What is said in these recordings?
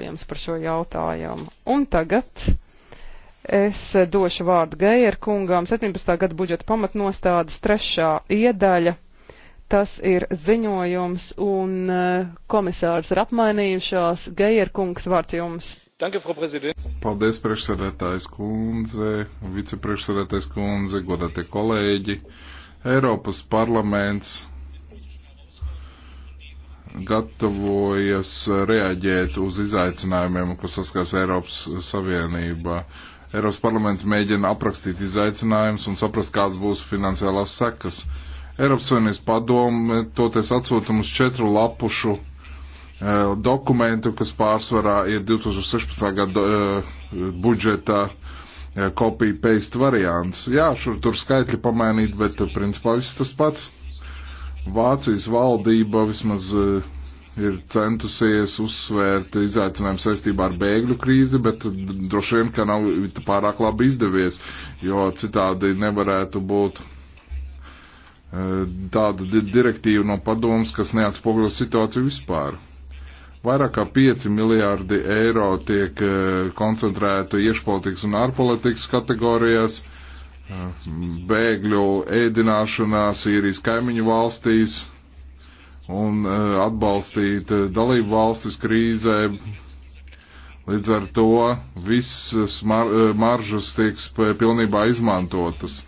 tulkojums par šo jautājumu. Un tagad es došu vārdu Geier kungām 17. gada budžeta pamatnostādes trešā iedaļa. Tas ir ziņojums un eh, komisārs ir apmainījušās. Geier kungs vārds jums. Danke, Frau Präsident. Paldies, priekšsēdētājs kundze, vicepriekšsēdētājs kundze, godātie kolēģi. Eiropas parlaments gatavojas reaģēt uz izaicinājumiem, ko saskars Eiropas Savienība. Eiropas parlaments mēģina aprakstīt izaicinājumus un saprast, kādas būs finansiālās sekas. Eiropas Savienības padome toties atsūta mums četru lapušu eh, dokumentu, kas pārsvarā ir 2016. gada eh, budžeta eh, kopija paste variants. Jā, šur tur skaitļi pamainīt, bet eh, principā viss tas pats. Vācijas valdība vismaz eh, ir centusies uzsvērt izaicinājumu saistībā ar bēgļu krīzi, bet droši vien, ka nav pārāk labi izdevies, jo citādi nevarētu būt eh, tāda di direktīva no padomas, kas neatspoguļo situāciju vispār. Vairāk kā 5 miljārdi eiro tiek eh, koncentrēta iešpolitikas un ārpolitikas kategorijās. Uh, bēgļu ēdināšanā Sīrijas kaimiņu valstīs un e, atbalstīt e, dalību valstis krīzē. Līdz ar to visas mar e, maržas tiek pilnībā izmantotas.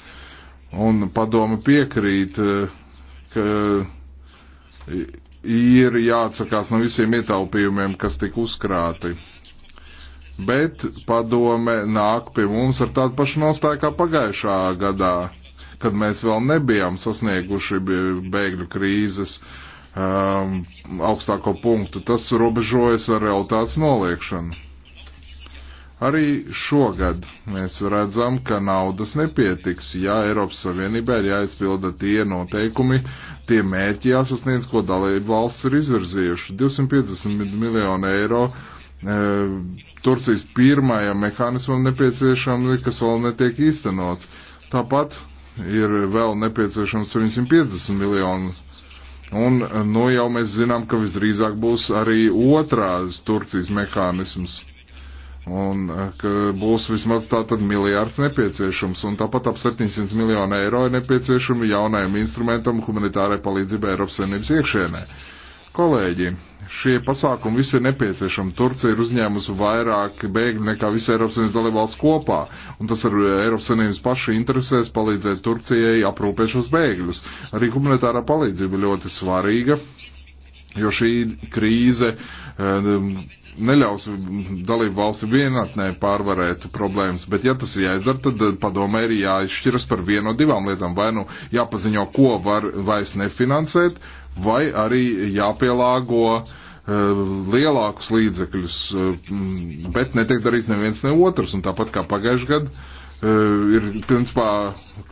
Un padoma piekrīt, ka ir jāatsakās no visiem ietaupījumiem, kas tika uzkrāti bet padome nāk pie mums ar tādu pašu nostāju kā pagājušā gadā, kad mēs vēl nebijām sasnieguši bēgļu krīzes um, augstāko punktu. Tas robežojas ar realitātes noliekšanu. Arī šogad mēs redzam, ka naudas nepietiks, ja Eiropas Savienībai ir jāizpilda tie noteikumi, tie mērķi jāsasniedz, ko dalību valsts ir izvirzījuši. 250 miljonu eiro e, Turcijas pirmajam mehānismam nepieciešami, kas vēl netiek īstenots. Tāpat ir vēl nepieciešams 750 miljonu. Un no nu, jau mēs zinām, ka visdrīzāk būs arī otrās Turcijas mehānisms. Un ka būs vismaz tātad miljārds nepieciešams. Un tāpat ap 700 miljonu eiro ir nepieciešami jaunajam instrumentam humanitārai palīdzībai Eiropas Savienības iekšēnē. Uh, Kolēģi, šie pasākumi visi ir nepieciešami. Turcija ir uzņēmusi vairāk bēgļu nekā visa Eiropas Savienības dalībvalsts kopā, un tas ir eh, Eiropas Savienības paši interesēs palīdzēt Turcijai aprūpēt šos bēgļus. Arī humanitārā palīdzība ļoti svarīga, jo šī krīze um, neļaus dalību valsti vienatnē pārvarēt problēmas, bet ja tas ir jāizdara, tad eh, padomē ir jāizšķiras par vienu no divām lietām. Vai nu jāpaziņo, ko var vairs nefinansēt, vai arī jāpielāgo uh, lielākus līdzekļus, uh, bet netiek darīts neviens ne otrs, un tāpat kā pagājušajā gadā. Uh, ir principā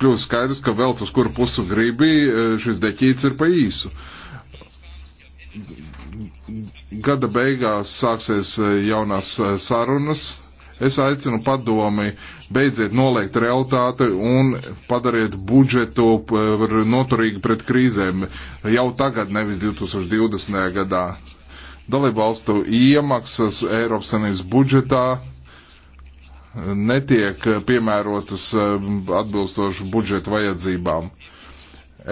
kļūst skaidrs, ka velts uz kuru pusu gribi, šis deķīts ir pa īsu Gada beigās sāksies eh, jaunās eh, sarunas. Es aicinu padomi beidziet noliegt realitāti un padariet budžetu eh, noturīgi pret krīzēm jau tagad, nevis 2020. gadā. Dalībvalstu iemaksas Eiropas Savienības budžetā netiek piemērotas atbilstoši budžeta vajadzībām.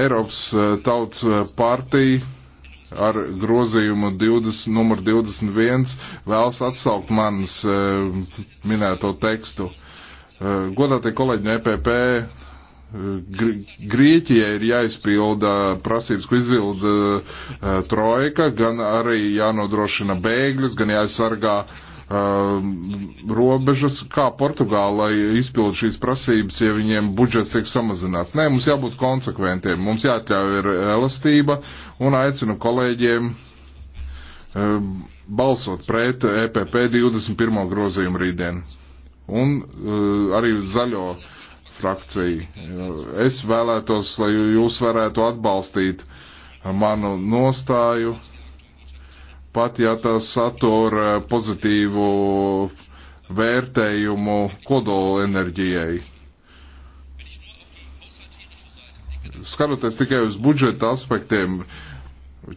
Eiropas Tautas partija ar grozījumu 20, numur 21 vēlas atsaukt manas e, minēto tekstu. E, godātie kolēģi no EPP, e, Grieķijai ir jāizpilda prasības, ko izvilda trojka, gan arī jānodrošina bēgļus, gan jāizsargā uh, Um, robežas, kā Portugālai izpild šīs prasības, ja viņiem budžets tiek samazināts. Nē, mums jābūt konsekventiem, mums jāatļauj ir elastība un aicinu kolēģiem um, balsot pret EPP 21. grozījumu rītdien. Un uh, arī zaļo frakciju. Es vēlētos, lai jūs varētu atbalstīt manu nostāju pat ja tas satura eh, pozitīvu vērtējumu kodola enerģijai. Skatoties tikai uz budžeta aspektiem,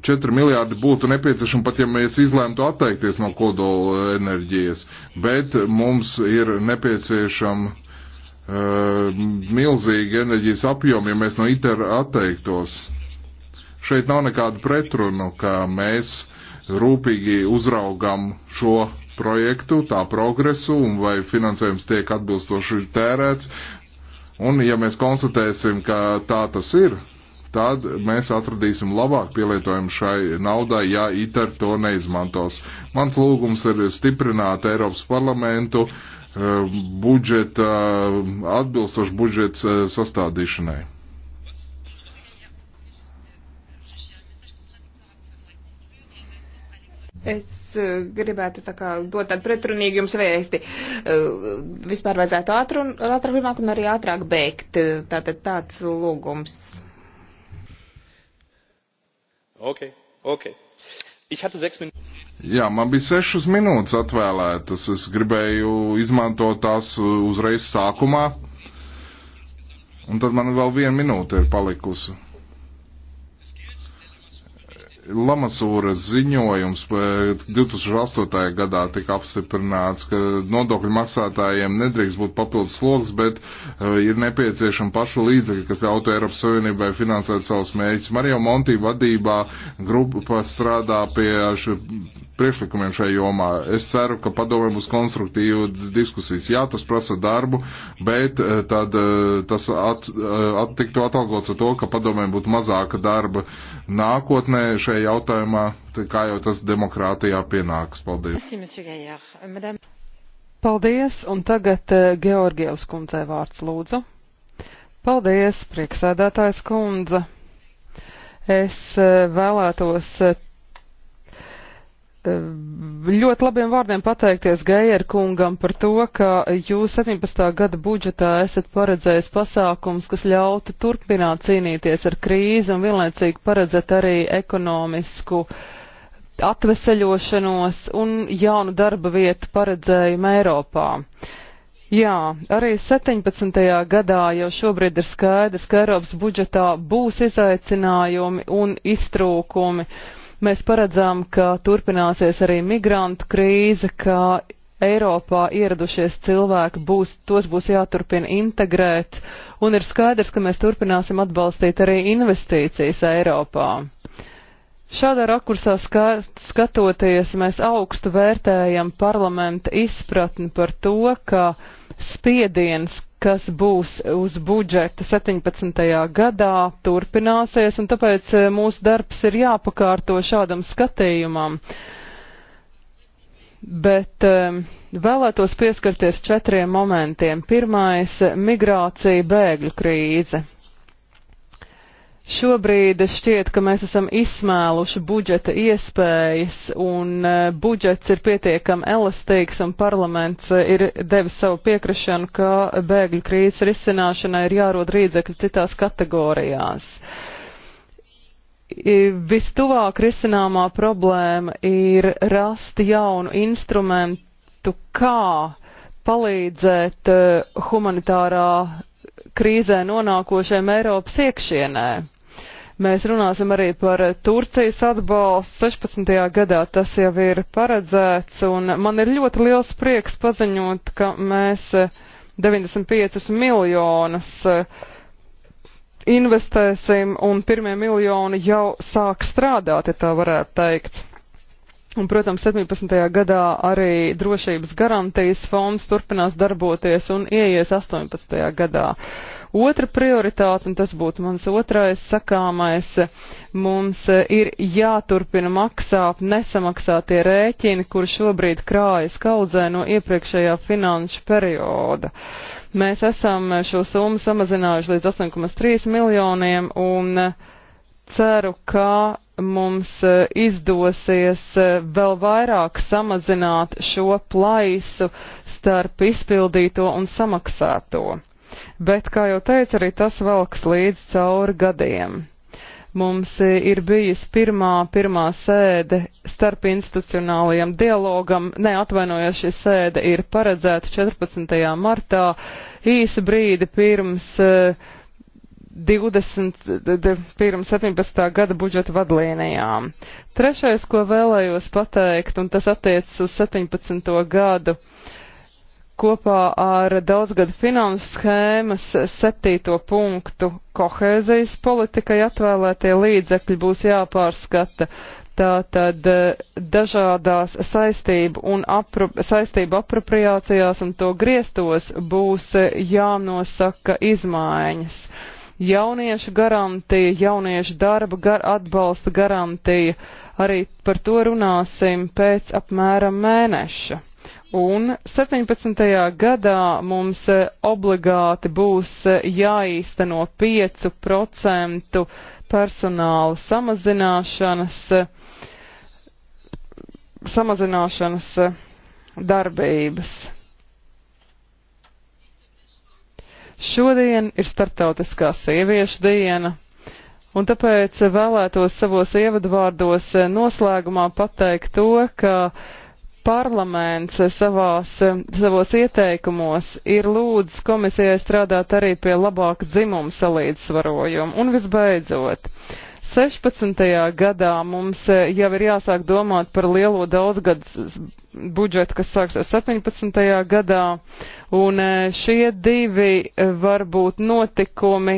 4 miljārdi būtu nepieciešami pat, ja mēs izlēmtu atteikties no kodola enerģijas, bet mums ir nepieciešama uh, eh, milzīga enerģijas apjoma, ja mēs no ITER atteiktos. Šeit nav nekādu pretrunu, ka mēs uh, rūpīgi uzraugam šo projektu, tā progresu un vai finansējums tiek atbilstoši tērēts. Un ja mēs konstatēsim, ka tā tas ir, tad mēs atradīsim labāk pielietojumu šai naudai, ja ITER to neizmantos. Mans lūgums ir stiprināt Eiropas parlamentu eh, budžeta, atbilstošu budžeta eh, sastādīšanai. Es eh, gribētu tā kā dot tādu pretrunīgu jums vēsti. Eh, vispār vajadzētu ātrun, ātrāk un arī ātrāk beigt. Eh, tātad tāds lūgums. Ok, ok. Ich hatte sechs minūtes. Jā, man bija sešas minūtes atvēlētas. Es gribēju izmantot tās uzreiz sākumā. Un tad man vēl viena minūte ir palikusi. Lamasūras ziņojums 2008. gadā tika apstiprināts, ka nodokļu maksātājiem nedrīkst būt papildus sloks, bet eh, ir nepieciešama pašu līdzekļi, kas ļautu Eiropas Savienībai finansēt savus mērķus. Mario Monti vadībā grupa strādā pie š... priekšlikumiem šajā jomā. Es ceru, ka padomē būs konstruktīva diskusijas. Jā, tas prasa darbu, bet eh, tad eh, tas at, at, tiktu atalgots ar to, ka padomē būtu mazāka darba nākotnē šajā jautājumā, kā jau tas demokrātijā pienāks. Paldies. Euh, Paldies, un tagad eh, Georgievs kundzē vārds lūdzu. Paldies, prieksēdētājs kundze. Es eh, vēlētos eh, ļoti labiem vārdiem pateikties Geijer kungam par to, ka jūs 17. gada budžetā esat paredzējis pasākums, kas ļautu turpināt cīnīties ar krīzi un vienlaicīgi paredzēt arī ekonomisku atveseļošanos un jaunu darba vietu paredzējumu Eiropā. Jā, arī 17. gadā jau šobrīd ir skaidrs, ka Eiropas budžetā būs izaicinājumi un iztrūkumi. Uh, Mēs paredzam, ka turpināsies arī migrantu krīze, ka Eiropā ieradušies cilvēki būs, tos būs jāturpina integrēt, un ir skaidrs, ka mēs turpināsim atbalstīt arī investīcijas Eiropā. Šādā rakursā skatoties, mēs augstu vērtējam parlamenta izpratni par to, ka spiediens, kas būs uz budžetu 17. gadā, turpināsies, un tāpēc eh, mūsu darbs ir jāpakārto šādam skatījumam. Bet eh, vēlētos pieskarties četriem momentiem. Pirmais - migrācija, bēgļu krīze. Šobrīd šķiet, ka mēs esam izsmēluši budžeta iespējas, un e, budžets ir pietiekami elastīgs, un parlaments e, ir devis savu piekrišanu, ka bēgļu krīzes risināšanai ir jārod rīdzekļi citās kategorijās. Vistuvāk risināmā problēma ir rast jaunu instrumentu, kā palīdzēt e, humanitārā krīzē nonākošiem Eiropas iekšienē Mēs runāsim arī par Turcijas atbalstu. 16. gadā tas jau ir paredzēts, un man ir ļoti liels prieks paziņot, ka mēs 95 eh, miljonus eh, investēsim, un pirmie miljoni jau sāk strādāt, ja tā varētu teikt. Un, protams, 17. gadā arī drošības garantijas fonds turpinās darboties un ieies 18. gadā. Otra prioritāte, un tas būtu mans otrais sakāmais, mums ir jāturpina maksāt nesamaksātie rēķini, kur šobrīd krājas kaudzē no iepriekšējā finanšu perioda. Mēs esam šo summu samazinājuši līdz 8,3 miljoniem un ceru, ka mums izdosies vēl vairāk samazināt šo plaisu starp izpildīto un samaksāto bet, kā jau teicu, arī tas valks līdz cauri gadiem. Mums ir bijis pirmā, pirmā sēde starp institucionālajiem dialogam, ne atvainojos, šī sēde ir paredzēta 14. martā, īsa brīdi pirms uh, eh, 20, pirms 17. gada budžeta vadlīnijām. Trešais, ko vēlējos pateikt, un tas attiecas uz 17. gadu, uh, kopā ar daudzgadu finanses schēmas septīto punktu kohēzijas politikai atvēlētie līdzekļi būs jāpārskata. Tātad eh, dažādās saistību un apro, saistību apropriācijās un to griestos būs eh, jānosaka izmaiņas. Jauniešu garantija, jauniešu darba gar, atbalsta garantija, arī par to runāsim pēc apmēram mēneša. Un 17. gadā mums eh, obligāti būs eh, jāīsteno 5% personāla samazināšanas, eh, samazināšanas darbības. Šodien ir starptautiskā sieviešu diena, un tāpēc vēlētos savos ievadvārdos noslēgumā pateikt to, ka parlaments savās, savos ieteikumos ir lūdzis komisijai strādāt arī pie labāka dzimuma salīdzsvarojuma. Un visbeidzot, uh, 16. gadā mums eh, jau ir jāsāk domāt par lielo daudzgadus budžetu, kas sāksies 17. gadā, un eh, šie divi eh, varbūt notikumi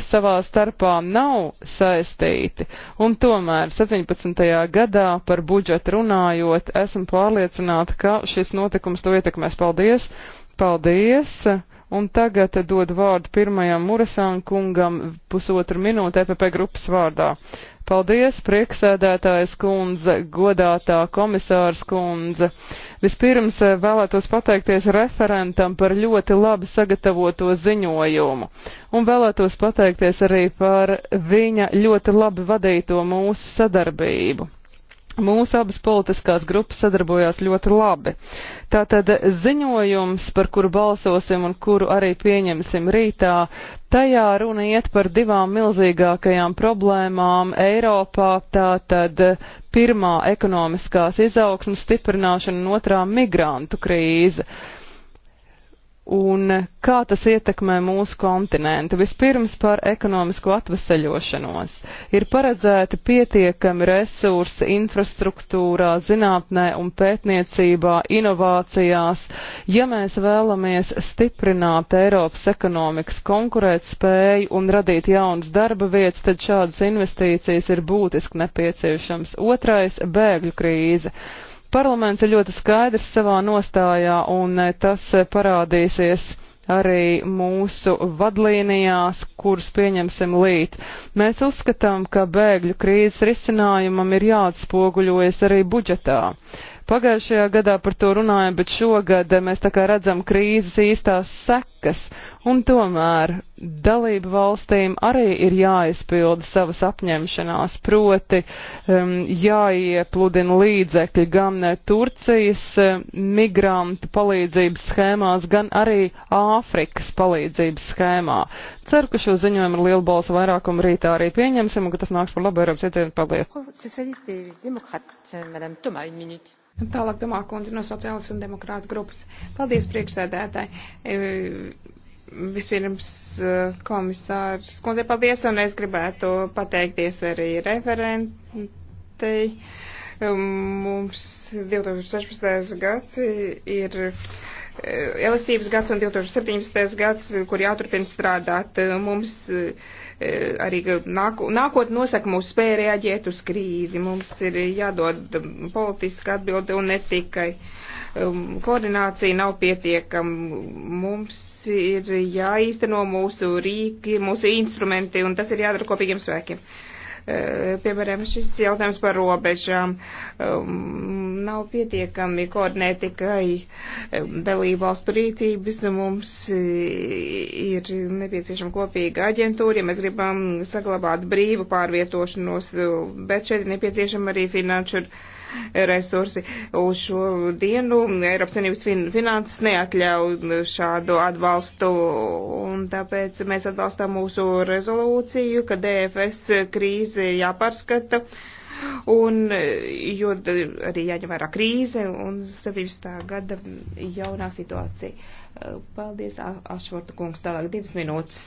savā starpā nav saistīti, un tomēr 17. gadā par budžetu runājot, esmu pārliecināta, ka šis notikums to ietekmēs. Paldies! Paldies! Un tagad dod vārdu pirmajam Murasānu kungam pusotru minūtu EPP grupas vārdā. Paldies, prieksēdētājs kundze, godātā komisārs kundze. Vispirms eh, vēlētos pateikties referentam par ļoti labi sagatavoto ziņojumu. Un vēlētos pateikties arī par viņa ļoti labi vadīto mūsu sadarbību mūsu abas politiskās grupas sadarbojās ļoti labi. Tātad ziņojums, par kuru balsosim un kuru arī pieņemsim rītā, tajā runa iet par divām milzīgākajām problēmām Eiropā, tātad pirmā ekonomiskās izaugsmas stiprināšana un otrā migrantu krīze un kā tas ietekmē mūsu kontinentu. Vispirms par ekonomisko atveseļošanos. Ir paredzēti pietiekami resursi infrastruktūrā, zinātnē un pētniecībā, inovācijās, ja mēs vēlamies stiprināt Eiropas ekonomikas konkurētspēju un radīt jaunas darba vietas, tad šādas investīcijas ir būtiski nepieciešams. Otrais - bēgļu krīze. Parlaments ir ļoti skaidrs savā nostājā, un eh, tas eh, parādīsies arī mūsu vadlīnijās, kuras pieņemsim līt. Mēs uzskatām, ka bēgļu krīzes risinājumam ir jāatspoguļojas arī budžetā. Pagājušajā gadā par to runājam, bet šogad mēs tā kā redzam krīzes īstās sekas, un tomēr dalību valstīm arī ir jāizpilda savas apņemšanās, proti um, jāiepludina līdzekļi gan Turcijas um, migrantu palīdzības schēmās, gan arī Āfrikas palīdzības schēmā. Ceru, ka šo ziņojumu ar lielu balsu vairākumu rītā arī pieņemsim un ka tas nāks par labu Eiropas iedzīvotāju. Paldies! Tālāk domā kundze no sociālas un demokrāta grupas. Paldies priekšsēdētāji. E, vispirms e, komisārs kundze, paldies, un es gribētu pateikties arī referentei. E, mums 2016. gads ir Eh, elastības gads un 2017. gads, eh, kur jāturpina strādāt. Eh, mums arī nākotnē nosaka mūsu spēja reaģēt uz krīzi. Mums ir jādod politiska atbilde un ne tikai um, koordinācija nav pietiekama. Mums ir jāīsteno mūsu rīki, mūsu instrumenti, un tas ir jādara kopīgiem spēkiem. Eh, piemēram, šis jautājums par robežām um, nav pietiekami koordinēt tikai um, dalību valstu rīcības. Mums eh, ir nepieciešama kopīga aģentūra, ja mēs gribam saglabāt brīvu pārvietošanos, um, bet šeit ir nepieciešama arī finanšu resursi. Uz šo dienu Eiropas Savienības fin finanses neatļauj šādu atbalstu, un tāpēc mēs atbalstām mūsu rezolūciju, ka DFS krīze jāpārskata, un, jo arī jāņem vērā krīze un 17. gada jaunā situācija. Paldies, Ašvorta kungs, tālāk divas minūtes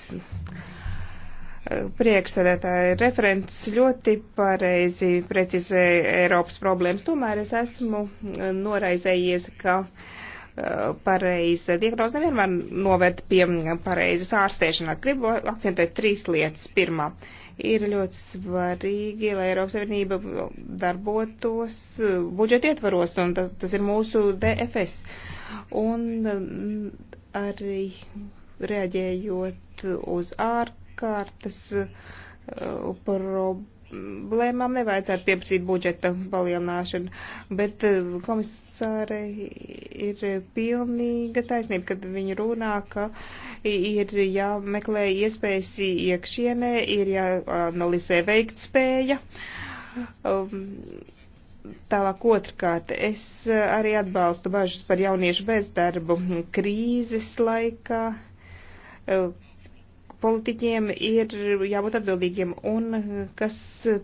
priekšsēdētāja referents ļoti pareizi precizē Eiropas problēmas. Tomēr es esmu noraizējies, ka uh, pareiza diagnoze nevienmēr noved pie pareizas ārstēšanās. Gribu akcentēt trīs lietas. Pirmā ir ļoti svarīgi, lai Eiropas Savienība darbotos budžeta ietvaros, un tas, tas ir mūsu DFS. Un mm, arī reaģējot uz ārkārtu ārkārtas uh, problēmām nevajadzētu pieprasīt budžeta palielināšanu, bet uh, komisāre ir pilnīga taisnība, kad viņa runā, ka ir jāmeklē iespējas iekšienē, ir jāanalizē veiktspēja. Um, Tālāk otrkārt, es arī atbalstu bažas par jauniešu bezdarbu krīzes laikā, uh, politiķiem ir jābūt atbildīgiem, un kas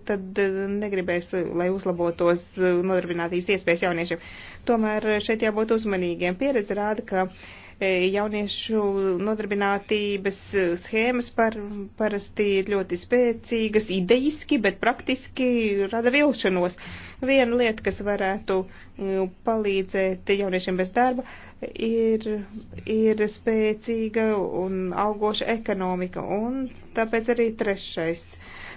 tad negribēs, lai uzlabotos nodarbinātības iespējas jauniešiem. Tomēr šeit jābūt uzmanīgiem. Pieredze rāda, ka jauniešu nodarbinātības schēmas par, parasti ir ļoti spēcīgas, idejiski, bet praktiski rada vilšanos. Viena lieta, kas varētu e, palīdzēt jauniešiem bez darba, ir, ir spēcīga un augoša ekonomika. Un tāpēc arī trešais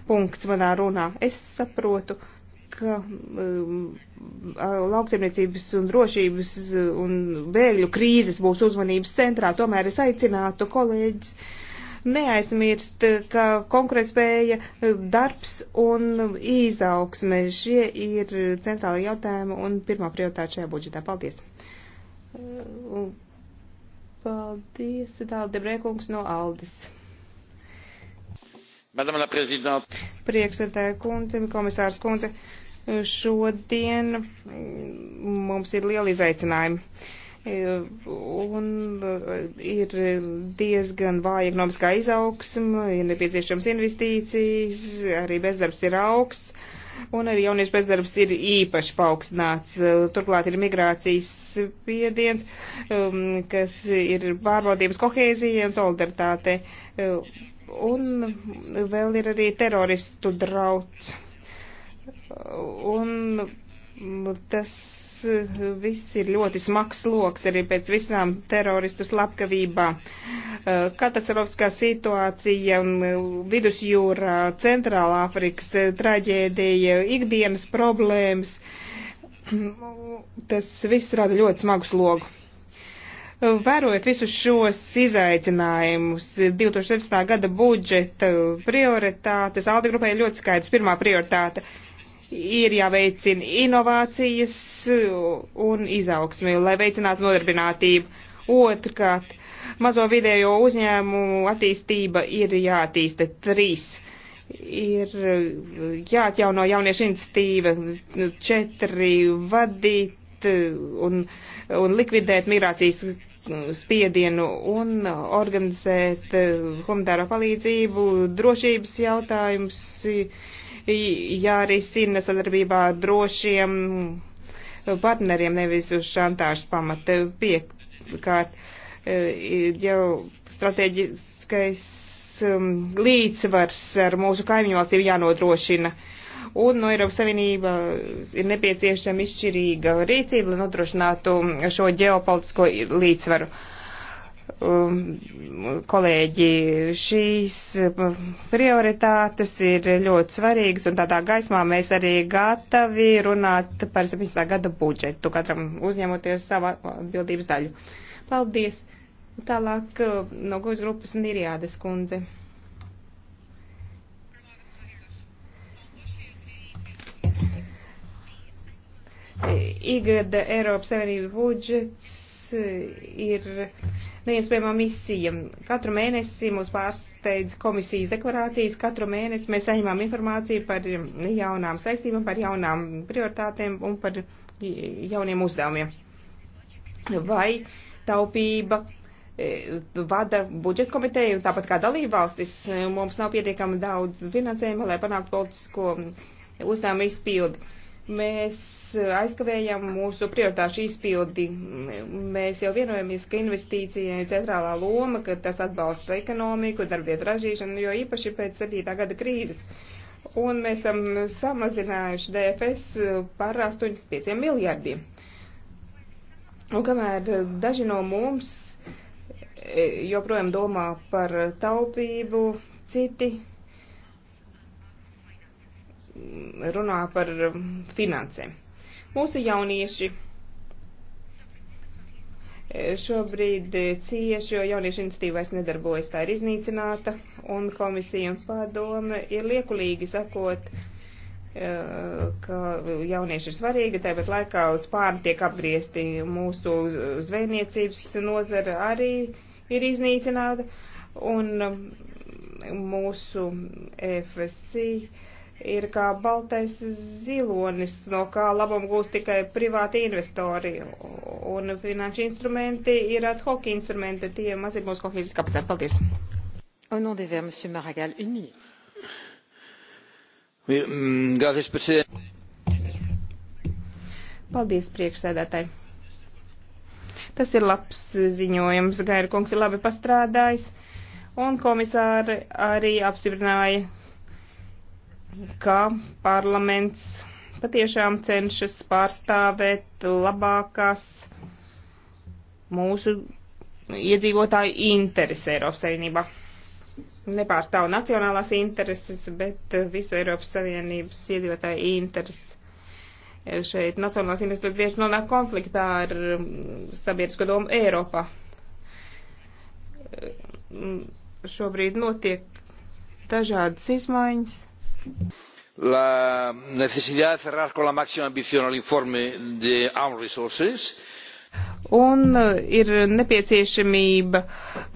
punkts manā runā. Es saprotu ka um, lauksaimniecības un drošības uh, un bēgļu krīzes būs uzmanības centrā. Tomēr es aicinātu kolēģis neaizmirst, uh, ka konkurētspēja, uh, darbs un izaugsme šie ir centrāli jautājumi un pirmā prioritāte šajā budžetā. Paldies! Paldies, Dāla Debrēkungs no Aldis. Madame la Présidente priekšsēdētāja kundze, komisārs kundze. Šodien mm, mums ir liela izaicinājuma. E, un e, ir diezgan vāja ekonomiskā izaugsma, ir nepieciešams investīcijas, arī bezdarbs ir augsts, un arī jauniešu bezdarbs ir īpaši paaugstināts. E, turklāt ir migrācijas spiediens, um, kas ir pārbaudījums kohēzijai un solidaritātei Un vēl ir arī teroristu drauds. Un tas viss ir ļoti smags sloks arī pēc visām teroristu slapkavībā. Katastrofskā situācija vidusjūrā, centrālā Afrikas traģēdija, ikdienas problēmas, tas viss rada ļoti smagu slogu. Vērojot visus šos izaicinājumus, 2017. gada budžeta prioritātes, Alde grupai ir ļoti skaidrs. Pirmā prioritāte ir jāveicina inovācijas un izaugsmi, lai veicinātu nodarbinātību. Otrkārt, mazo vidējo uzņēmumu attīstība ir jātīsta trīs ir jāatjauno jauniešu institīva, četri vadīt un, un likvidēt migrācijas spiedienu un organizēt eh, humanitāro palīdzību, drošības jautājums jārisina sadarbībā ar drošiem partneriem, nevis uz šantāžas pamata piekārt. Eh, jau strateģiskais um, līdzsvars ar mūsu kaimiņu valstīm jānodrošina. Uh, un no Eiropas Savienības ir nepieciešama izšķirīga rīcība, lai nodrošinātu šo ģeopolitisko līdzsvaru. Um, kolēģi, šīs um, prioritātes ir ļoti svarīgas, un tādā gaismā mēs arī gatavi runāt par 17. gada budžetu, katram uzņemoties savu atbildības daļu. Paldies! Tālāk uh, no gojas grupas Nirjādes kundze. Igada Eiropas Savienības budžets eh, ir neiespējama misija. Katru mēnesi mūs pārsteidz komisijas deklarācijas, katru mēnesi mēs saņemam informāciju par jaunām saistībām, par jaunām prioritātēm un par jauniem uzdevumiem. Vai taupība eh, vada budžeta komiteju, tāpat kā dalībvalstis, mums nav pietiekami daudz finansējuma, lai panāktu politisko uzdevumu izpildi. Mēs aizkavējam mūsu prioritāšu izpildi. Mēs jau vienojamies, ka investīcija ir centrālā loma, ka tas atbalsta ekonomiku, darbvietu ražīšanu, jo īpaši pēc 7. gada krīzes. Un mēs esam samazinājuši DFS par 85 miljardiem. Un kamēr daži no mums e, joprojām domā par taupību, citi runā par finansēm. Mūsu jaunieši e, šobrīd e, cieši, jo jauniešu institīva vairs nedarbojas, tā ir iznīcināta, un komisija un padome ir liekulīgi sakot, e, ka jaunieši ir svarīgi, tāpat laikā uz pāri tiek apgriezti mūsu zvejniecības nozara arī ir iznīcināta, un mūsu FSC ir kā baltais zilonis, no kā labumu gūst tikai privāti investori. Un finanšu instrumenti ir ad hoc instrumenti, tie mazina mūsu kohēzijas kapacitāti. Paldies! Mm, Paldies, priekšsēdētāji! Tas ir labs ziņojums. Gaira kungs ir labi pastrādājis, un komisāri arī apstiprināja ka parlaments patiešām cenšas pārstāvēt labākās mūsu iedzīvotāju intereses Eiropas Savienībā. Nepārstāv nacionālās intereses, bet visu Eiropas Savienības iedzīvotāju intereses. Šeit nacionālās intereses bieži nonāk konfliktā ar um, sabiedrisko domu Eiropā. Um, šobrīd notiek dažādas izmaiņas la necesidad de cerrar con la máxima ambición el informe de Armed Resources. Un eh, ir nepieciešamība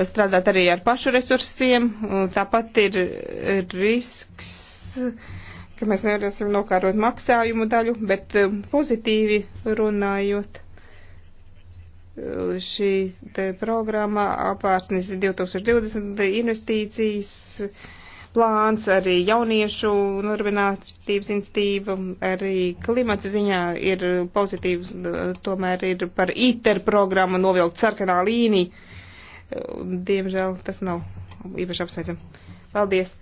strādāt arī ar pašu resursiem, un tāpat ir eh, risks, ka mēs nevarēsim nokārot maksājumu daļu, bet eh, pozitīvi runājot šī programma apārsnes 2020 investīcijas plāns, arī jauniešu nodarbinātības institīva, arī klimata ziņā ir pozitīvs, tomēr ir par ITER programmu novilkt sarkanā līnija. Diemžēl tas nav īpaši apsveicam. Paldies!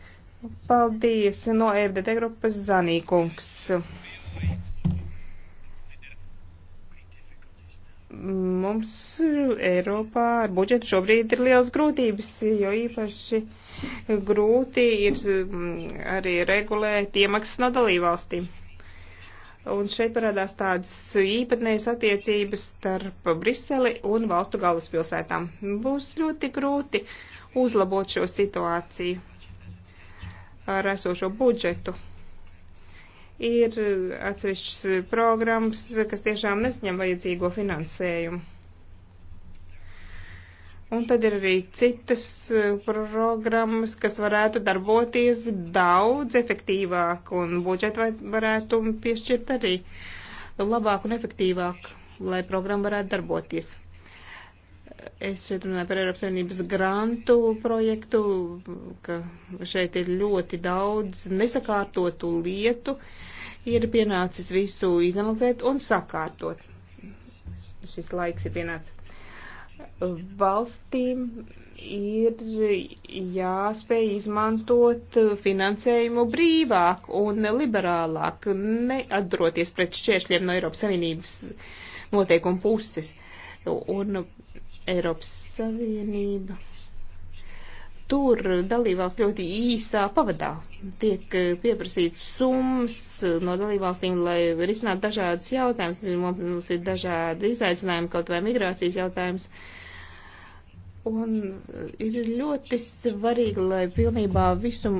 Paldies no RDT grupas Zanīkungs. mums eh, Eiropā ar budžetu šobrīd ir liels grūtības, jo īpaši grūti ir mm, arī regulēt iemaksas no dalībvalstīm. Un šeit parādās tādas īpatnējas attiecības starp Briseli un valstu galvaspilsētām. Būs ļoti grūti uzlabot šo situāciju ar esošo budžetu. Ir atsevišķas programmas, kas tiešām nesņem vajadzīgo finansējumu. Un tad ir arī citas e, programmas, kas varētu darboties daudz efektīvāk, un budžetu varētu piešķirt arī labāk un efektīvāk, lai programma varētu darboties. Es šeit runāju par Eiropas Savienības grantu projektu, ka šeit ir ļoti daudz nesakārtotu lietu. Ir pienācis visu izanalizēt un sakārtot. Šis laiks ir pienācis. Valstīm ir jāspēj izmantot finansējumu brīvāk un liberālāk, neatdroties pret šķēršļiem no Eiropas Savienības noteikumu puses. Un Eiropas Savienība. Tur dalībvalsts ļoti īsā pavadā tiek pieprasīts summas no dalībvalstīm, lai risinātu dažādas jautājumas. Mums ir dažādi izaicinājumi, kaut vai migrācijas jautājums. Un ir ļoti svarīgi, lai pilnībā visu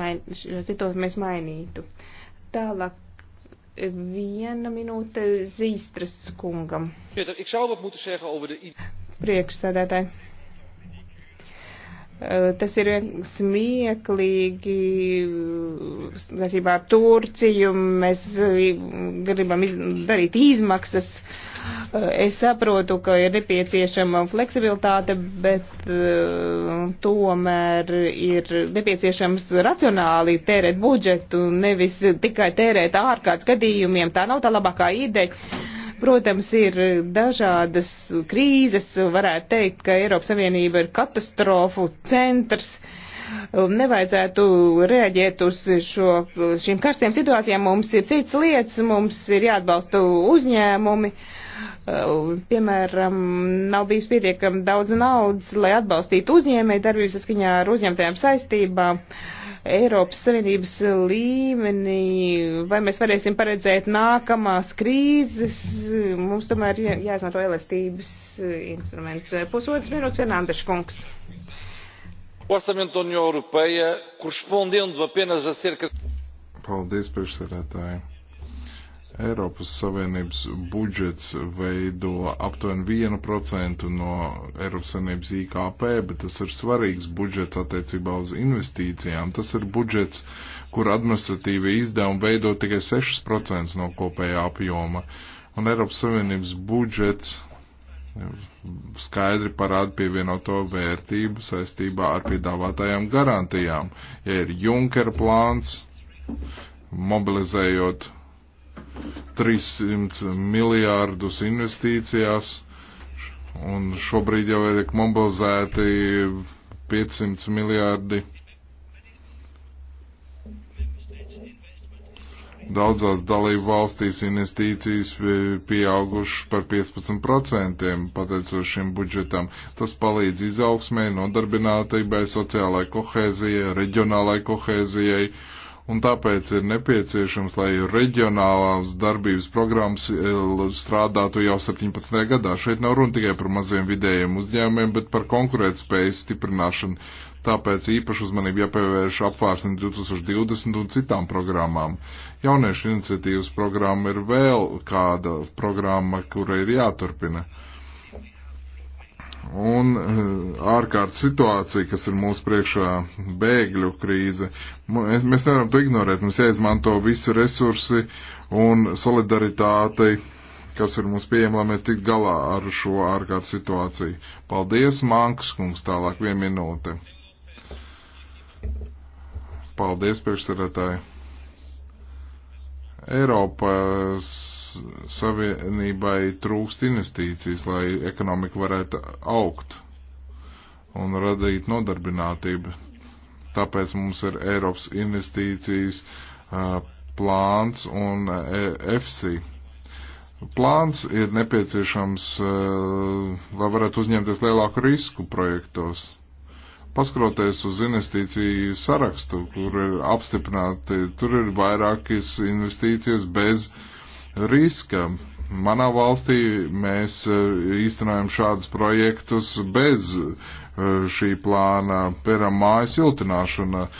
main, situāciju mēs mainītu. Tālāk viena minūte Zīstras kungam priekšsēdētāji. Eh, tas ir smieklīgi eh, saistībā ar Turciju. Mēs eh, gribam iz, darīt izmaksas. Es saprotu, ka ir nepieciešama fleksibilitāte, bet tomēr ir nepieciešams racionāli tērēt budžetu, nevis tikai tērēt ārkārtas gadījumiem. Tā nav tā labākā ideja Protams, ir dažādas krīzes, varētu teikt, ka Eiropas Savienība ir katastrofu centrs. Nevajadzētu reaģēt uz šo, šīm karstiem situācijām. Mums ir cits lietas, mums ir jāatbalsta uzņēmumi. Piemēram, nav bijis pietiekami daudz naudas, lai atbalstītu uzņēmēju darbības saskaņā ar uzņemtajām saistībām. Uh, Eiropas Savienības līmenī, vai mēs varēsim paredzēt nākamās krīzes, mums tomēr jāizmanto elastības instruments. Pusotrs minūtes Fernandes kungs. O orçamento da União Europeia, correspondendo apenas a cerca. Paldies, priekšsēdētāji Eiropas Savienības budžets veido aptuveni 1% no Eiropas Savienības IKP, bet tas ir svarīgs budžets attiecībā uz investīcijām. Tas ir budžets, kur administratīvi izdevumi veido tikai 6% no kopējā apjoma. Un Eiropas Savienības budžets skaidri parāda pievienoto vērtību saistībā ar piedāvātajām garantijām. Ja ir Junker plāns, mobilizējot 300 miljārdus investīcijās, un šobrīd jau ir mobilizēti 500 miljārdi. Daudzās dalību valstīs investīcijas pieaugušas par 15% pateicoši šim budžetam. Tas palīdz izaugsmē, nodarbinātībai, sociālai kohēzijai, reģionālai kohēzijai. Uh, un tāpēc ir nepieciešams, lai reģionālās darbības programmas eh, strādātu jau 17. gadā. Šeit nav runa tikai par maziem vidējiem uzņēmumiem, bet par konkurētspējas stiprināšanu. Tāpēc īpaši uzmanību jāpievērš apvārsni 2020 un citām programmām. Jauniešu iniciatīvas programma ir vēl kāda programma, kura ir jāturpina. Uh, Un eh, ārkārtas situācija, kas ir mūsu priekšā bēgļu krīze, mēs nevaram to ignorēt. Mums jāizmanto visi resursi un solidaritātei, kas ir mums pieejama, lai mēs tiktu galā ar šo ārkārtas situāciju. Paldies, Mankas kungs, tālāk vien minūte. Paldies, priekšsēdētāji. Eiropas Savienībai trūkst investīcijas, lai ekonomika varētu augt un radīt nodarbinātību. Tāpēc mums ir Eiropas investīcijas plāns un EFSI. Plāns ir nepieciešams, lai varētu uzņemties lielāku risku projektos. Paskroties uz investīciju sarakstu, kur ir apstiprināti, tur ir vairākas investīcijas bez uh, riska. Manā valstī mēs eh, īstenojam šādus projektus bez eh, šī plāna, piemēram, mājas siltināšana, eh,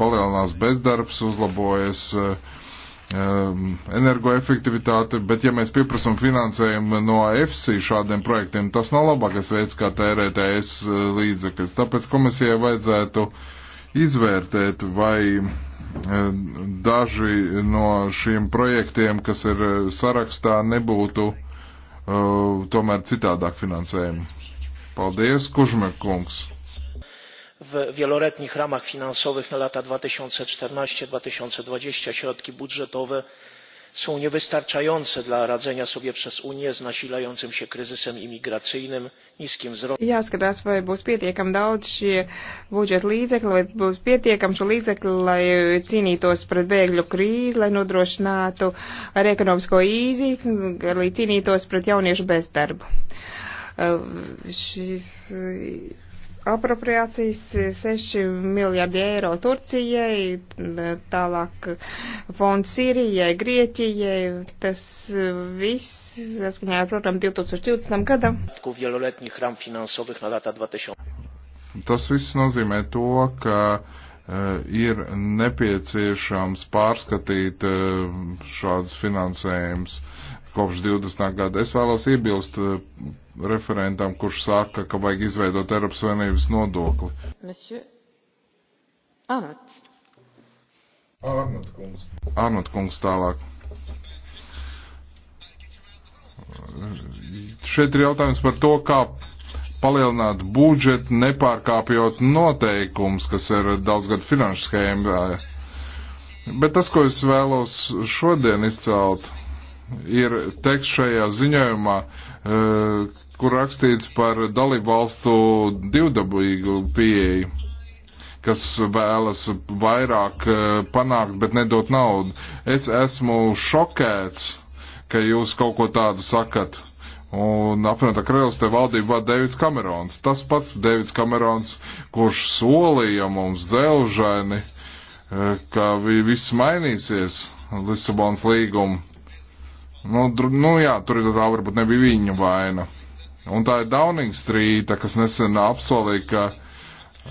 palielinās bezdarbs, uzlabojas energoefektivitāte, bet ja mēs pieprasam finansējumu no EFSI šādiem projektiem, tas nav labākais veids, kā tērēt ES līdzekļus. Tāpēc komisijai vajadzētu uh, izvērtēt, vai e, daži no šiem projektiem, kas ir e, sarakstā, nebūtu e, tomēr citādāk finansējumi. Paldies, Kužmek kungs! w wieloletnich ramach finansowych na lata dwa tysiące czternaście dwa tysiące dwadzieścia środki budżetowe są niewystarczające dla radzenia sobie przez Unię z nasilającym się kryzysem imigracyjnym, niskim wzrostem. Jāskatās, vai būs pietiekami daudz šie budžeta līdzekļi, vai būs pietiekami šo līdzekļi, lai cīnītos pret bēgļu krīzi, lai nodrošinātu ar ekonomisko īzīksmi, lai cīnītos pret jauniešu bezdarbu. Uh, šis, uh, apropriācijas 6 miljardi eiro Turcijai, tālāk fonds Sīrijai, Grieķijai. Tas viss saskaņā ar programmu 2020. gadam. Tas viss nozīmē to, ka e, ir nepieciešams pārskatīt e, šādas finansējums kopš 20. gada. Es vēlos iebilst eh, referentam, kurš saka, ka vajag izveidot Eiropas Savienības nodokli. Monsieur Arnott. Arnott kungs. Arnott kungs tālāk. Šeit ir jautājums par to, kā palielināt budžetu, nepārkāpjot noteikums, kas ir daudzgad finanšu schēma. Bet tas, ko es vēlos šodien izcelt, ir teksts šajā ziņojumā, e, kur rakstīts par dalību valstu divdabīgu pieeju, kas vēlas vairāk e, panākt, bet nedot naudu. Es esmu šokēts, ka jūs kaut ko tādu sakat. Un apvienotā karalistē valdību vada Deivids Kamerons. Tas pats Deivids Kamerons, kurš solīja mums dzelžaini, e, ka viss mainīsies Lisabonas līguma Nu, nu jā, tur ir tā varbūt nebija viņa vaina. Un tā ir Downing Street, kas nesen apsolīja, ka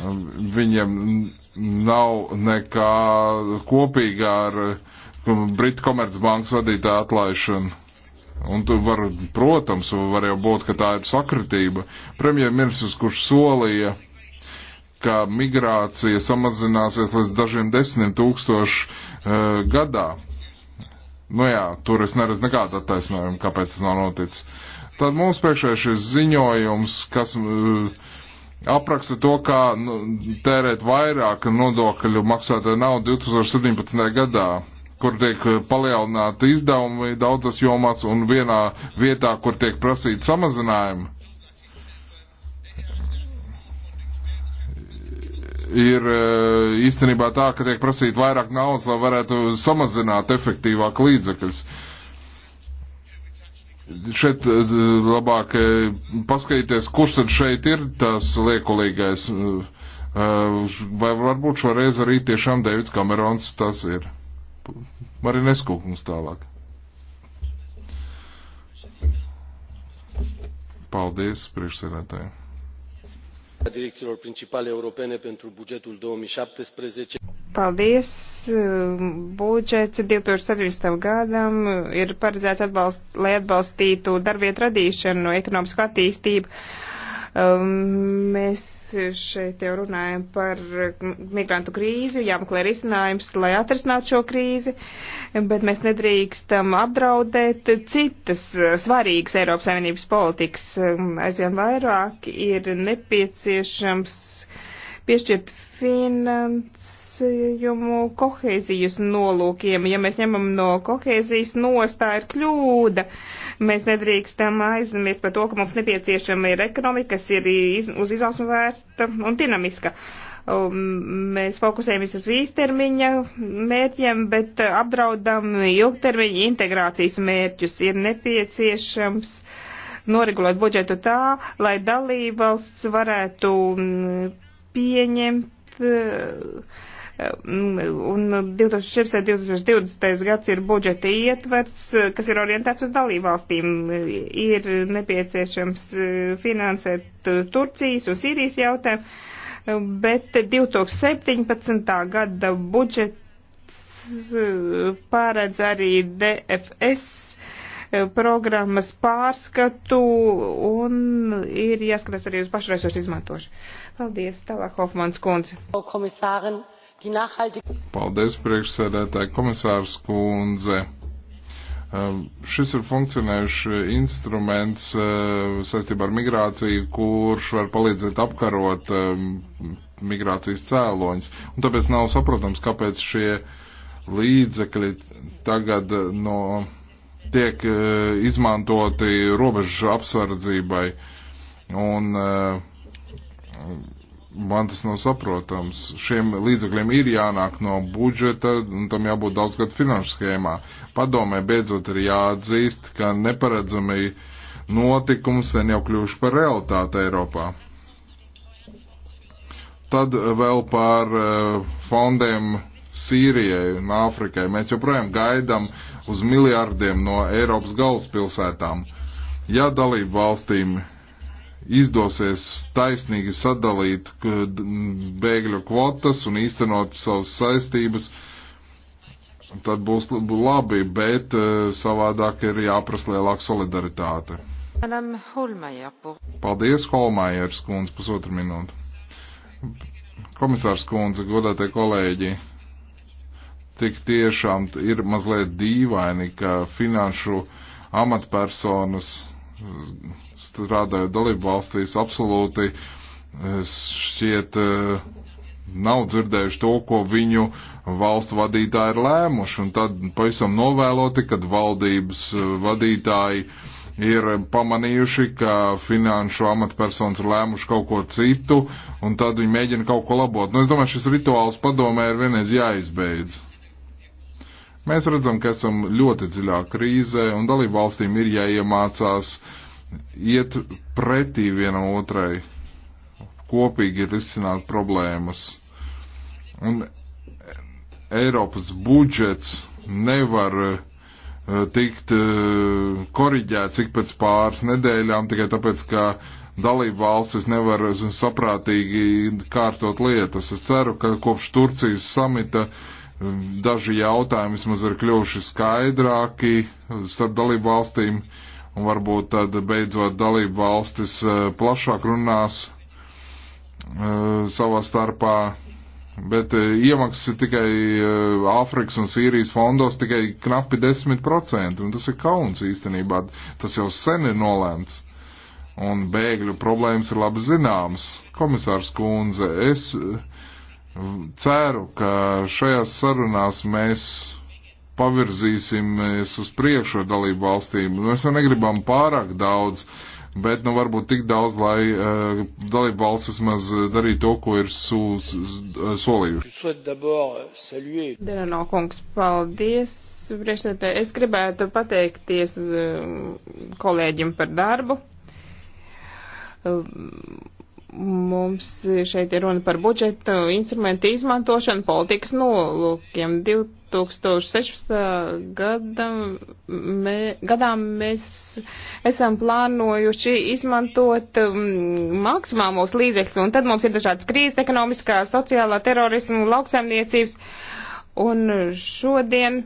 um, viņiem nav nekā kopīga ar um, Britu komercbankas vadītāja atlaišanu. Un tu var, protams, var jau būt, ka tā ir sakritība. Premjerministrs, kurš solīja, ka migrācija samazināsies līdz dažiem desmit tūkstošu uh, gadā, Nu jā, tur es neredzu nekādu attaisnojumu, kāpēc tas nav noticis. Tad mums priekšā ir šis ziņojums, kas uh, apraksta to, kā nu, tērēt vairāk nodokļu maksātāju naudu 2017. gadā, kur tiek palielināti izdevumi daudzas jomās un vienā vietā, kur tiek prasīti samazinājumi. ir e, īstenībā tā, ka tiek prasīt vairāk naudas, lai varētu samazināt efektīvāk līdzekļus. Šeit e, labāk e, paskatīties, kurš tad šeit ir tas liekulīgais. Vai varbūt šoreiz arī tiešām Deivids Kamerons tas ir. Marinesku mums tālāk. Paldies, priekšsēdētāji direcțiilor principale europene pentru bugetul 2017. Paldies! Budžets 2017. gadam ir paredzēts, atbalst, lai atbalstītu darbvietu radīšanu, ekonomisku attīstību. Um, mēs šeit jau runājam par migrantu krīzi, jāmeklē risinājums, lai atrisinātu šo krīzi, bet mēs nedrīkstam apdraudēt citas svarīgas Eiropas Savienības politikas. Aizvien vairāk ir nepieciešams piešķirt finansējumu kohēzijas nolūkiem. Ja mēs ņemam no kohēzijas nostā, ir kļūda. Uh, Mēs nedrīkstam aizmirst par to, ka mums nepieciešama ir ekonomika, kas ir iz, uz izaugsmu vērsta un dinamiska. Um, mēs fokusējamies uz īstermiņa mērķiem, bet apdraudam ilgtermiņa integrācijas mērķus. Ir nepieciešams noregulēt budžetu tā, lai dalībvalsts varētu mm, pieņemt uh, Un 2014-2020 gads ir budžeta ietvers, kas ir orientēts uz dalībvalstīm. Ir nepieciešams finansēt Turcijas un Sīrijas jautājumu, bet 2017. gada budžets pārēdz arī DFS programmas pārskatu un ir jāskatās arī uz pašresursu izmantošanu. Paldies, tālāk Hofmans kundze. Komisārin. Paldies, priekšsēdētāji komisārs kundze. Um, šis ir funkcionējuši instruments uh, saistībā ar migrāciju, kurš var palīdzēt apkarot um, migrācijas cēloņus. Un tāpēc nav saprotams, kāpēc šie līdzekļi tagad uh, no, tiek uh, izmantoti robežu apsardzībai. Un uh, man tas nav saprotams. Šiem līdzekļiem ir jānāk no budžeta, un tam jābūt daudzgad finanšu schēmā. Padomē beidzot ir jāatzīst, ka neparedzami notikumi sen jau kļuvuši par realitāti Eiropā. Tad vēl par eh, fondiem Sīrijai un Āfrikai. Mēs joprojām gaidām uz miljardiem no Eiropas galvaspilsētām. Ja dalību valstīm izdosies taisnīgi sadalīt bēgļu kvotas un īstenot savas saistības, tad būs labi, bet e, savādāk ir jāprasa lielāka solidaritāte. Paldies, Holmājers kundze, pusotru minūtu. Komisārs kundze, godātie kolēģi, tik tiešām ir mazliet dīvaini, ka finanšu amatpersonas strādājot dalību valstīs, absolūti šķiet eh, nav dzirdējuši to, ko viņu valstu vadītāji ir lēmuši. Un tad pavisam novēloti, kad valdības eh, vadītāji ir pamanījuši, ka finanšu amatpersonas ir lēmuši kaut ko citu, un tad viņi mēģina kaut ko labot. Nu, es domāju, šis rituāls padomē ir vienreiz jāizbeidz. Mēs redzam, ka esam ļoti dziļā krīzē, un dalību valstīm ir jāiemācās uh, iet pretī vienam otrai, kopīgi risināt problēmas. Un Eiropas budžets nevar eh, tikt eh, koriģēts ik pēc pāris nedēļām tikai tāpēc, ka dalību valstis nevar saprātīgi kārtot lietas. Es ceru, ka kopš Turcijas samita eh, daži jautājumi vismaz ir kļuvuši skaidrāki starp dalību valstīm. Uh, Un varbūt tad beidzot dalību valstis eh, plašāk runās eh, savā starpā. Bet eh, iemaksas ir tikai Āfrikas un Sīrijas fondos tikai knapi 10%, un tas ir kauns īstenībā. Tas jau sen ir nolēmts. Un bēgļu problēmas ir labi zināmas. Komisārs Kunze, es ceru, ka šajās sarunās mēs pavirzīsimies uz priekšu ar dalību valstīm. Nu, mēs jau negribam pārāk daudz, bet nu varbūt tik daudz, lai uh, dalību valsts vismaz darītu to, ko ir su, su, solījuši. Denano kungs, paldies. Priekšsēdē, es gribētu pateikties eh, kolēģim par darbu. Mums šeit ir runa par budžetu instrumentu izmantošanu politikas nolūkiem. Nu, 2016. Gadam, mē, gadā mēs esam plānojuši izmantot um, maksimā mūsu līdzekļus, un tad mums ir dažādas krīzes ekonomiskā, sociālā, terorismu, lauksaimniecības, un šodien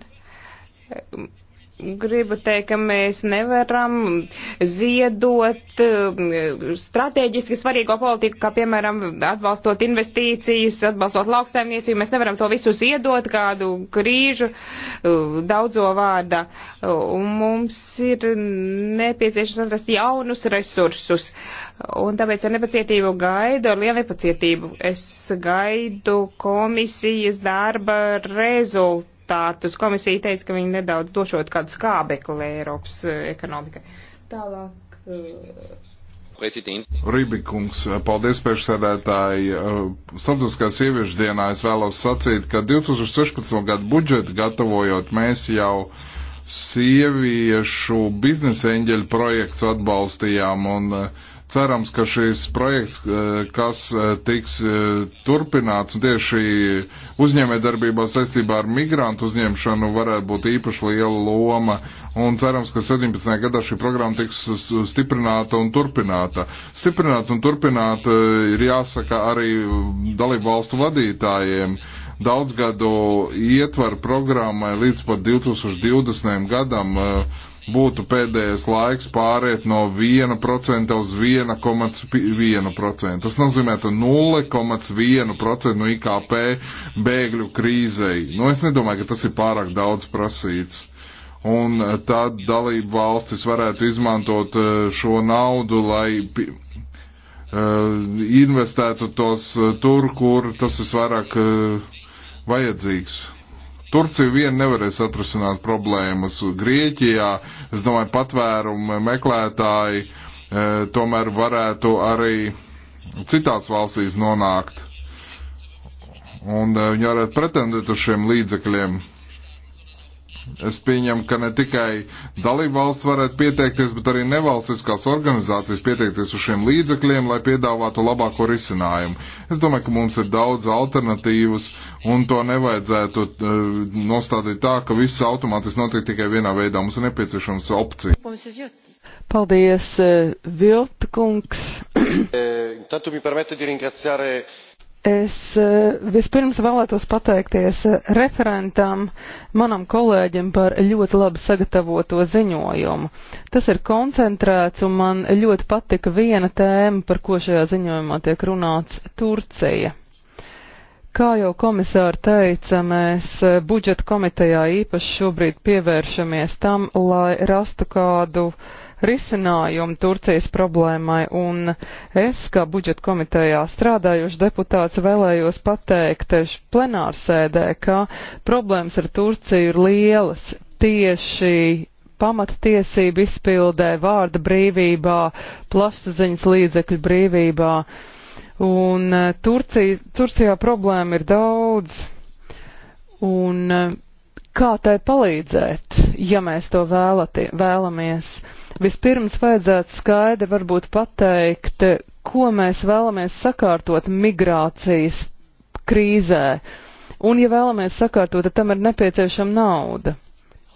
gribu teikt, ka mēs nevaram ziedot um, strateģiski svarīgo politiku, kā piemēram atbalstot investīcijas, atbalstot lauksaimniecību. Mēs nevaram to visu ziedot kādu krīžu uh, daudzo vārdā. Uh, un mums ir nepieciešams atrast jaunus resursus. Un tāpēc ar nepacietību gaidu, ar lielu nepacietību, es gaidu komisijas darba rezultātu rezultātus. Komisija teica, ka viņi nedaudz došot kādu skābekli Eiropas eh, ekonomikai. Tālāk. Eh, Ribikungs, paldies priekšsēdētāji. Eh, Starptautiskā sieviešu dienā es vēlos sacīt, ka 2016. gadu budžetu gatavojot mēs jau sieviešu biznesa eņģeļu projektu atbalstījām un uh, cerams, ka šis projekts, eh, kas eh, tiks eh, turpināts tieši uzņēmējdarbībā saistībā ar migrantu uzņemšanu, varētu būt īpaši liela loma. Un cerams, ka 17. gadā šī programma tiks stiprināta un turpināta. Stiprināt un turpināt ir jāsaka arī dalību valstu vadītājiem. Daudzgadu ietvaru programmai līdz pat 2020. gadam uh, būtu pēdējais laiks pāriet no 1% uz 1,1%. Tas nozīmē 0,1% no IKP bēgļu krīzei. Nu, es nedomāju, ka tas ir pārāk daudz prasīts. Un eh, tad dalību valstis varētu izmantot eh, šo naudu, lai eh, investētu tos tur, kur tas visvairāk vajadzīgs. Turcija vien nevarēs atrasināt problēmas. Grieķijā, es domāju, patvērumu meklētāji e, tomēr varētu arī citās valstīs nonākt. Un e, viņi varētu pretendēt uz šiem līdzekļiem. Es pieņemu, ka ne tikai dalību valsts varētu pieteikties, bet arī nevalstiskās organizācijas pieteikties uz šiem līdzekļiem, lai piedāvātu labāko risinājumu. Es domāju, ka mums ir daudz alternatīvas, un to nevajadzētu eh, nostādīt tā, ka viss automātiski notiek tikai vienā veidā. Mums ir nepieciešams opcija. Paldies, eh, Viltkungs. Eh, Es eh, vispirms vēlētos pateikties eh, referentam, manam kolēģim par ļoti labi sagatavoto ziņojumu. Tas ir koncentrēts un man ļoti patika viena tēma, par ko šajā ziņojumā tiek runāts - Turcija. Kā jau komisāri teica, mēs eh, budžeta komitejā īpaši šobrīd pievēršamies tam, lai rastu kādu uh, risinājumu Turcijas problēmai, un es, kā budžeta komitejā strādājuši deputāts, vēlējos pateikt plenārsēdē, ka problēmas ar Turciju ir lielas tieši pamattiesību izpildē, vārda brīvībā, plašsaziņas līdzekļu brīvībā. Un e, Turcija, Turcijā problēma ir daudz. Un e, kā tai palīdzēt, ja mēs to vēlati, vēlamies? Vispirms vajadzētu skaidri varbūt pateikt, ko mēs vēlamies sakārtot migrācijas krīzē. Un, ja vēlamies sakārtot, tad tam ir nepieciešama nauda.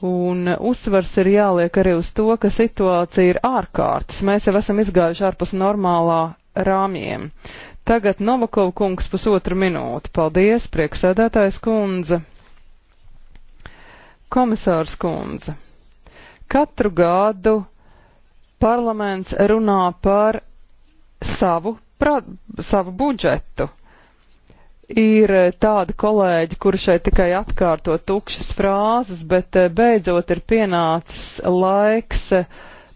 Un uzsvars ir jāliek arī uz to, ka situācija ir ārkārtas. Mēs jau esam izgājuši ārpus normālā rāmjiem. Tagad Novakov kungs pusotru minūti. Paldies, prieksēdētājs kundze. Komisārs kundze. Katru gadu parlaments runā par savu, pra, savu budžetu. Ir eh, tādi kolēģi, kuri šeit tikai atkārto tukšas frāzes, bet eh, beidzot ir pienācis laiks eh,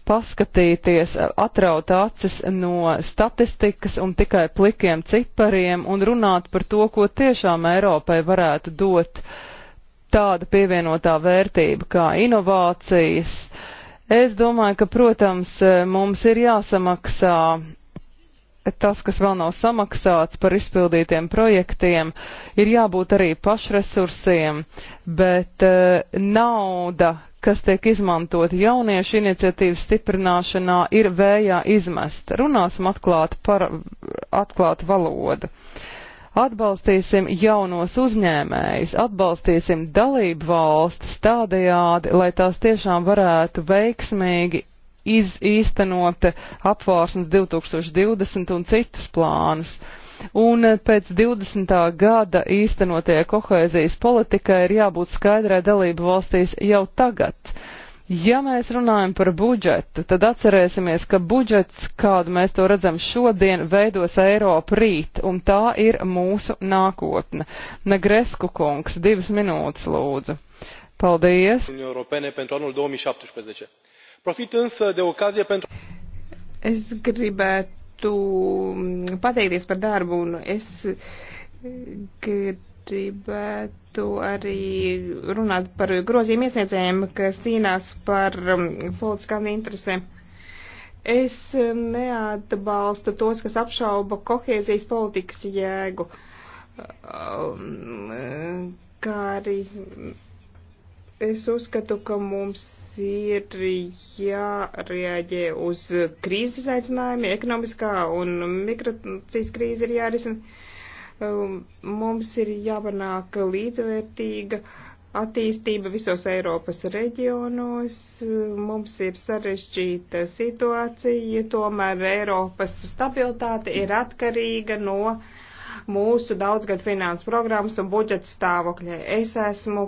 paskatīties, atraut acis no statistikas un tikai plikiem cipariem un runāt par to, ko tiešām Eiropai varētu dot tāda pievienotā vērtība kā inovācijas, uh, Es domāju, ka, protams, e, mums ir jāsamaksā tas, kas vēl nav samaksāts par izpildītiem projektiem, ir jābūt arī pašresursiem, bet e, nauda, kas tiek izmantot jauniešu iniciatīvas stiprināšanā, ir vējā izmesta. Runāsim atklāti par atklātu valodu. Uh, Atbalstīsim jaunos uzņēmējus, atbalstīsim dalību valstis tādajādi, lai tās tiešām varētu veiksmīgi iz, īstenot apvārsnes 2020 un citus plānus. Un pēc 20. gada īstenotie kohēzijas politikai ir jābūt skaidrai dalību valstīs jau tagad Ja mēs runājam par budžetu, tad atcerēsimies, ka budžets, kādu mēs to redzam šodien, veidos Eiropu rīt, un tā ir mūsu nākotne. Negresku kungs, divas minūtes lūdzu. Paldies! Profit însă de ocazie pentru... Es gribētu pateikties par darbu, un es gribētu gribētu arī runāt par grozījumu iesniedzējiem, kas cīnās par um, politiskām interesēm. Es um, neatbalstu tos, kas apšauba kohēzijas politikas jēgu, um, kā arī es uzskatu, ka mums ir jārēģē uz krīzes aicinājumi, ekonomiskā un migrācijas krīze ir jārisina Um, mums ir jāpanāk līdzvērtīga attīstība visos Eiropas reģionos. Mums ir sarežģīta situācija, tomēr Eiropas stabilitāte ir atkarīga no mūsu daudzgad finanses programmas un budžeta stāvokļa. Es esmu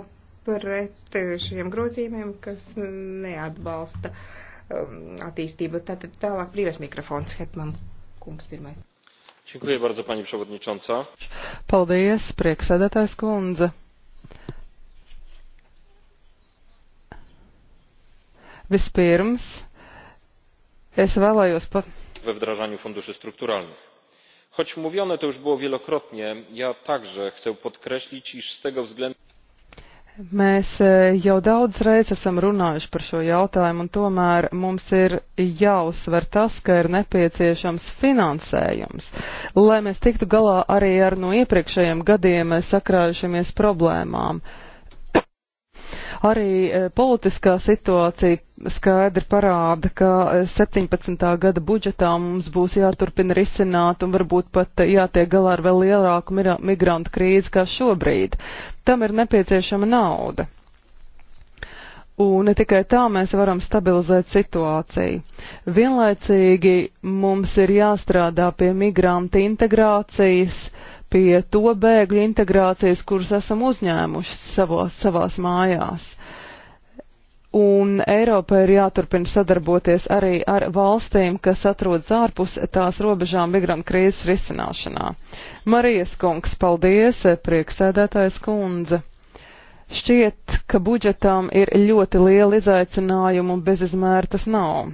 pret šiem grozījumiem, kas neatbalsta um, attīstību. Tātad tālāk brīvais mikrofons, Hetman kungs pirmais. Paldies, prieksēdētājs kundze. Vispirms es vēlējos pat. we wdrażaniu funduszy strukturalnych. Choć mówione to już było wielokrotnie, ja także chcę podkreślić, iż z tego względu. Mēs e, jau daudz reiz esam runājuši par šo jautājumu, un tomēr mums ir jāuzsver tas, ka ir nepieciešams finansējums, lai mēs tiktu galā arī ar no iepriekšējiem gadiem sakrājušamies problēmām. Uh, Arī e, politiskā situācija skaidri parāda, ka 17. E, gada budžetā mums būs jāturpina risināt un varbūt pat jātiek galā ar vēl lielāku migrantu krīzi kā šobrīd. Tam ir nepieciešama nauda. Un ne tikai tā mēs varam stabilizēt situāciju. Vienlaicīgi mums ir jāstrādā pie migranta integrācijas, pie to bēgļu integrācijas, kurus esam uzņēmuši savos, savās mājās. Un Eiropai ir jāturpina sadarboties arī ar valstīm, kas atrodas ārpus tās robežām migrantu krīzes risināšanā. Marijas kungs, paldies, prieksēdētājs kundze. Šķiet, ka budžetam ir ļoti liela izaicinājuma un bezizmēra tas nav.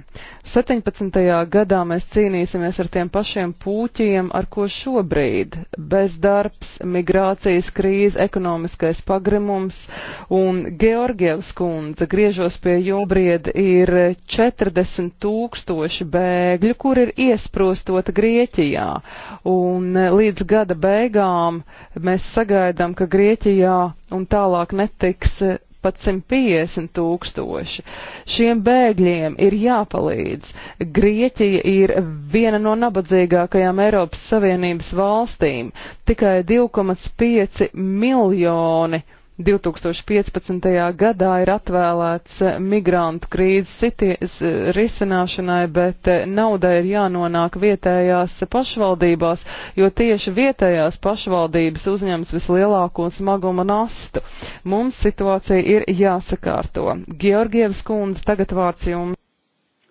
17. gadā mēs cīnīsimies ar tiem pašiem pūķiem, ar ko šobrīd - bezdarbs, migrācijas krīze, ekonomiskais pagrimums un Georgievs kundze, griežos pie jūbried, ir 40 tūkstoši bēgļu, kur ir iesprostota Grieķijā. Un eh, līdz gada beigām mēs sagaidām, ka Grieķijā un tālāk netiks eh, pat 150 tūkstoši. Šiem bēgļiem ir jāpalīdz. Grieķija ir viena no nabadzīgākajām Eiropas Savienības valstīm. Tikai 2,5 miljoni cilvēku 2015. gadā ir atvēlēts migrantu krīzes risināšanai, bet naudai ir jānonāk vietējās pašvaldībās, jo tieši vietējās pašvaldības uzņems vislielāko smaguma nastu. Mums situācija ir jāsakārto. Georgievs kundze, tagad vārds jums.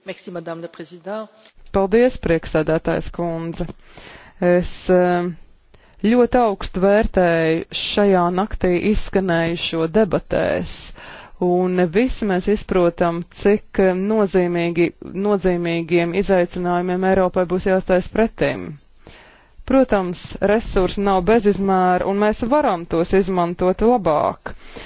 Merci, Madame la Présidente. Paldies, prieksēdētājs kundze. Es, uh, Ļoti augstu vērtēju šajā naktī izskanējušo debatēs, un visi mēs izprotam, cik nozīmīgi, nozīmīgiem izaicinājumiem Eiropai būs jāstājas pretīm. Protams, resursi nav bezizmēra, un mēs varam tos izmantot labāk. Uh,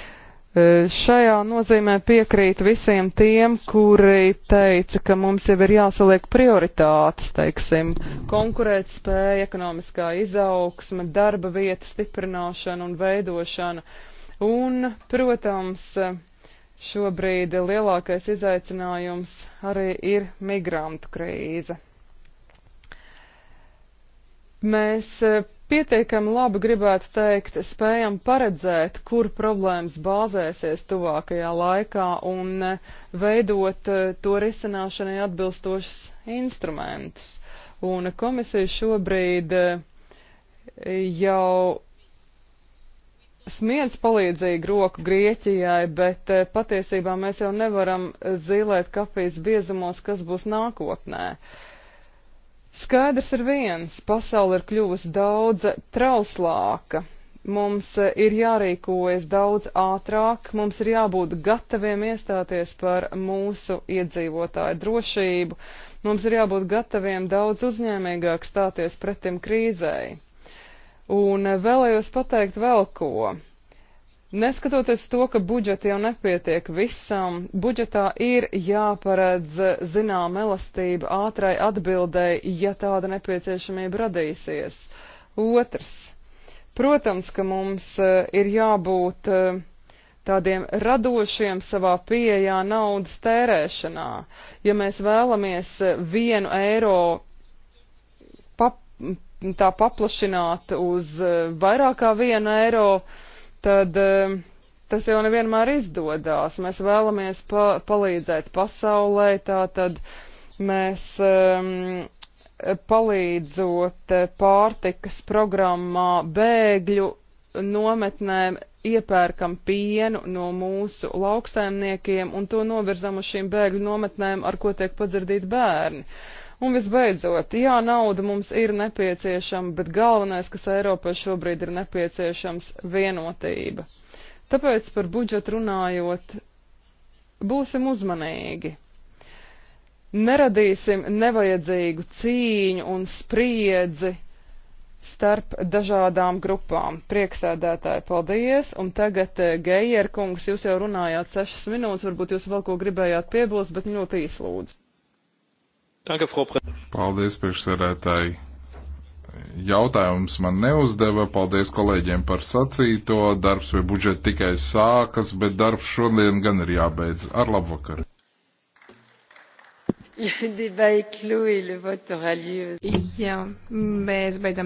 E, šajā nozīmē piekrīt visiem tiem, kuri teica, ka mums jau ir jāsaliek prioritātes, teiksim, konkurēt spēja, ekonomiskā izaugsme, darba vieta stiprināšana un veidošana. Un, protams, šobrīd lielākais izaicinājums arī ir migrantu krīze. Mēs pietiekami labi, gribētu teikt, spējam paredzēt, kur problēmas bāzēsies tuvākajā laikā un eh, veidot eh, to risināšanai atbilstošas instrumentus. Un komisija šobrīd eh, jau sniedz palīdzīgu roku Grieķijai, bet patiesībā mēs jau nevaram zīlēt kafijas biezumos, kas būs nākotnē. Uh, Skaidrs ir viens, pasaule ir kļuvusi daudz trauslāka. Mums eh, ir jārīkojas daudz ātrāk, mums ir jābūt gataviem iestāties par mūsu iedzīvotāju drošību, mums ir jābūt gataviem daudz uzņēmīgāk stāties pretim krīzei. Un eh, vēlējos pateikt vēl ko. Neskatoties to, ka budžeti jau nepietiek visam, budžetā ir jāparedz zinām elastība ātrai atbildēji, ja tāda nepieciešamība radīsies. Otrs. Protams, ka mums e, ir jābūt e, tādiem radošiem savā pieejā naudas tērēšanā. Ja mēs vēlamies e, vienu eiro pap, tā paplašināt uz vairāk kā vienu eiro, tad eh, tas jau nevienmēr izdodās. Mēs vēlamies pa palīdzēt pasaulē, tā tad mēs um, palīdzot eh, pārtikas programmā bēgļu nometnēm iepērkam pienu no mūsu lauksaimniekiem un to novirzam uz šīm bēgļu nometnēm, ar ko tiek padzirdīti bērni. Uh, Un visbeidzot, jā, nauda mums ir nepieciešama, bet galvenais, kas Eiropai šobrīd ir nepieciešams, vienotība. Tāpēc par budžetu runājot, būsim uzmanīgi. Neradīsim nevajadzīgu cīņu un spriedzi starp dažādām grupām. Prieksēdētāji, paldies! Un tagad, eh, Geijer kungs, jūs jau runājāt sešas minūtes, varbūt jūs vēl ko gribējāt piebilst, bet ļoti īslūdzu. Paldies, priekšsēdētāji. Jautājums man neuzdeva. Paldies kolēģiem par sacīto. Darbs pie budžeta tikai sākas, bet darbs šodien gan ir jābeidz. Ar labu vakaru! Jā, mēs beidzam.